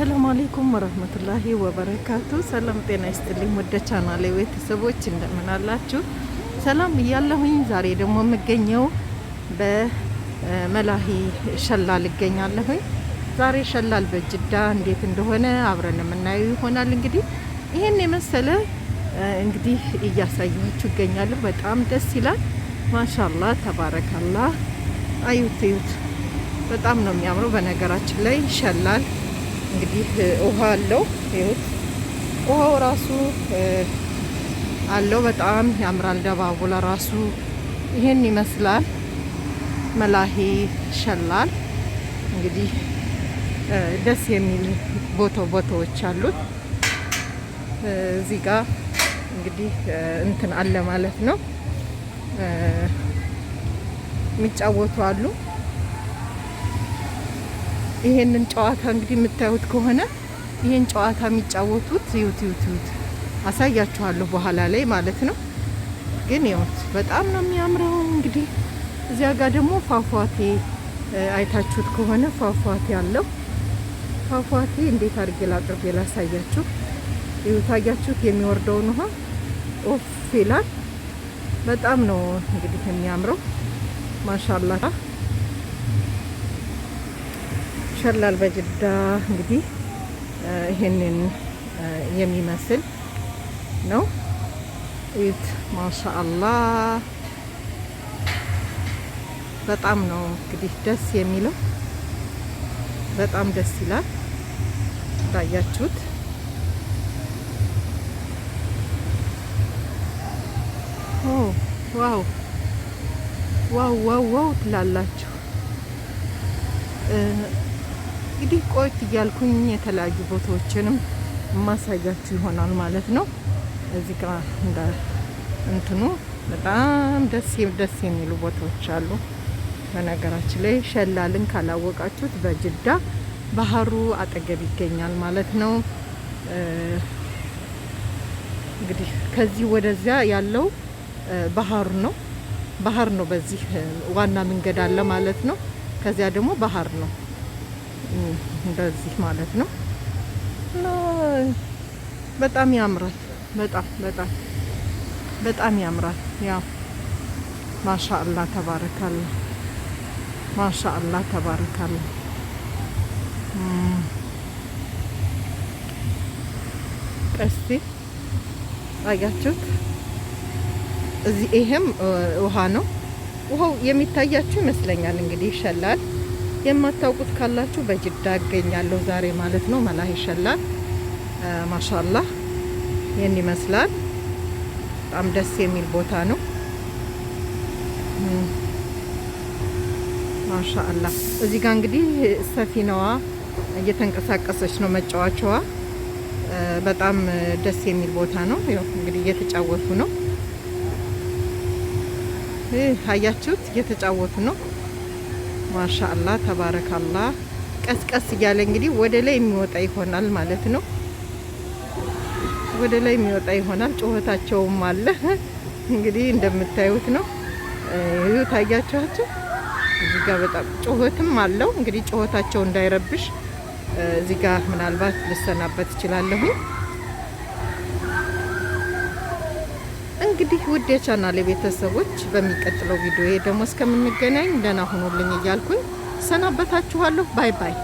አሰላሙ አሌይኩም ወረህመቱላሂ ወበረካቱ። ሰላም ጤና ይስጥልኝ ወደ ቻናሌ ቤተሰቦች እንደምን አላችሁ? ሰላም እያለሁኝ ዛሬ ደግሞ የምገኘው በመላሂ ሸላል እገኛለሁኝ። ዛሬ ሸላል በጅዳ እንዴት እንደሆነ አብረን የምናየው ይሆናል። እንግዲህ ይህን የመሰለ እንግዲህ እያሳየችሁ ይገኛለሁ። በጣም ደስ ይላል። ማሻላ ተባረካላ። አዩት እዩት፣ በጣም ነው የሚያምረው። በነገራችን ላይ ሸላል እንግዲህ ውሃ አለው። ይሁት ውሃው ራሱ አለው። በጣም ያምራል። ደባቡ ለራሱ ይሄን ይመስላል። መላሄ ሸላል እንግዲህ ደስ የሚል ቦቶ ቦታዎች አሉት። እዚህ ጋ እንግዲህ እንትን አለ ማለት ነው። የሚጫወቱ አሉ። ይሄንን ጨዋታ እንግዲህ የምታዩት ከሆነ ይሄን ጨዋታ የሚጫወቱት ዩት ዩት አሳያችኋለሁ በኋላ ላይ ማለት ነው። ግን ይኸውት በጣም ነው የሚያምረው። እንግዲህ እዚያ ጋር ደግሞ ፏፏቴ አይታችሁት ከሆነ ፏፏቴ አለው። ፏፏቴ እንዴት አድርጌ ላቅርቤ ላሳያችሁ። ታያችሁት የሚወርደውን ውሃ ኦፍ ይላል። በጣም ነው እንግዲህ የሚያምረው ማሻላ ሸላል በጅዳ እንግዲህ ይህንን የሚመስል ነው። ኢት ማሻአላህ በጣም ነው እንግዲህ ደስ የሚለው በጣም ደስ ይላል። እንዳያችሁት ዋው ዋው ዋው ዋው ትላላችሁ። እንግዲህ ቆይት እያልኩኝ የተለያዩ ቦታዎችንም ማሳያችሁ ይሆናል ማለት ነው። እዚህ ጋር እንደ እንትኑ በጣም ደስ ደስ የሚሉ ቦታዎች አሉ። በነገራችን ላይ ሸላልን ካላወቃችሁት በጅዳ ባህሩ አጠገብ ይገኛል ማለት ነው። እንግዲህ ከዚህ ወደዚያ ያለው ባህር ነው ባህር ነው። በዚህ ዋና መንገድ አለ ማለት ነው። ከዚያ ደግሞ ባህር ነው። እንደዚህ ማለት ነው እና በጣም ያምራል። በጣም በጣም በጣም ያምራል። ማሻአላ ተባረካለ፣ ማሻአላ ተባረካለ። አያችሁት? እዚህ ይሄም ውሃ ነው። ውሃው የሚታያችሁ ይመስለኛል እንግዲህ ይሸላል የማታውቁት ካላችሁ በጅዳ እገኛለሁ ዛሬ ማለት ነው። መላህ ይሸላል። ማሻአላህ ይህን ይመስላል። በጣም ደስ የሚል ቦታ ነው። ማሻአላህ እዚህ ጋር እንግዲህ ሰፊናዋ እየተንቀሳቀሰች ነው መጫወቻዋ። በጣም ደስ የሚል ቦታ ነው። ያው እንግዲህ እየተጫወቱ ነው። አያችሁት? እየተጫወቱ ነው። ማሻአላ ተባረካላ። ቀስቀስ እያለ እንግዲህ ወደ ላይ የሚወጣ ይሆናል ማለት ነው። ወደ ላይ የሚወጣ ይሆናል። ጩኸታቸውም አለ እንግዲህ እንደምታዩት ነው። ይሁ ታያችኋቸው እዚህ ጋር በጣም ጩኸትም አለው እንግዲህ ጩኸታቸው እንዳይረብሽ እዚህ ጋር ምናልባት ልሰናበት እችላለሁ። እንግዲህ ውድ የቻናል ቤተሰቦች በሚቀጥለው ቪዲዮ ደግሞ እስከምንገናኝ ደህና ሁኑልኝ እያልኩኝ ሰናበታችኋለሁ። ባይ ባይ።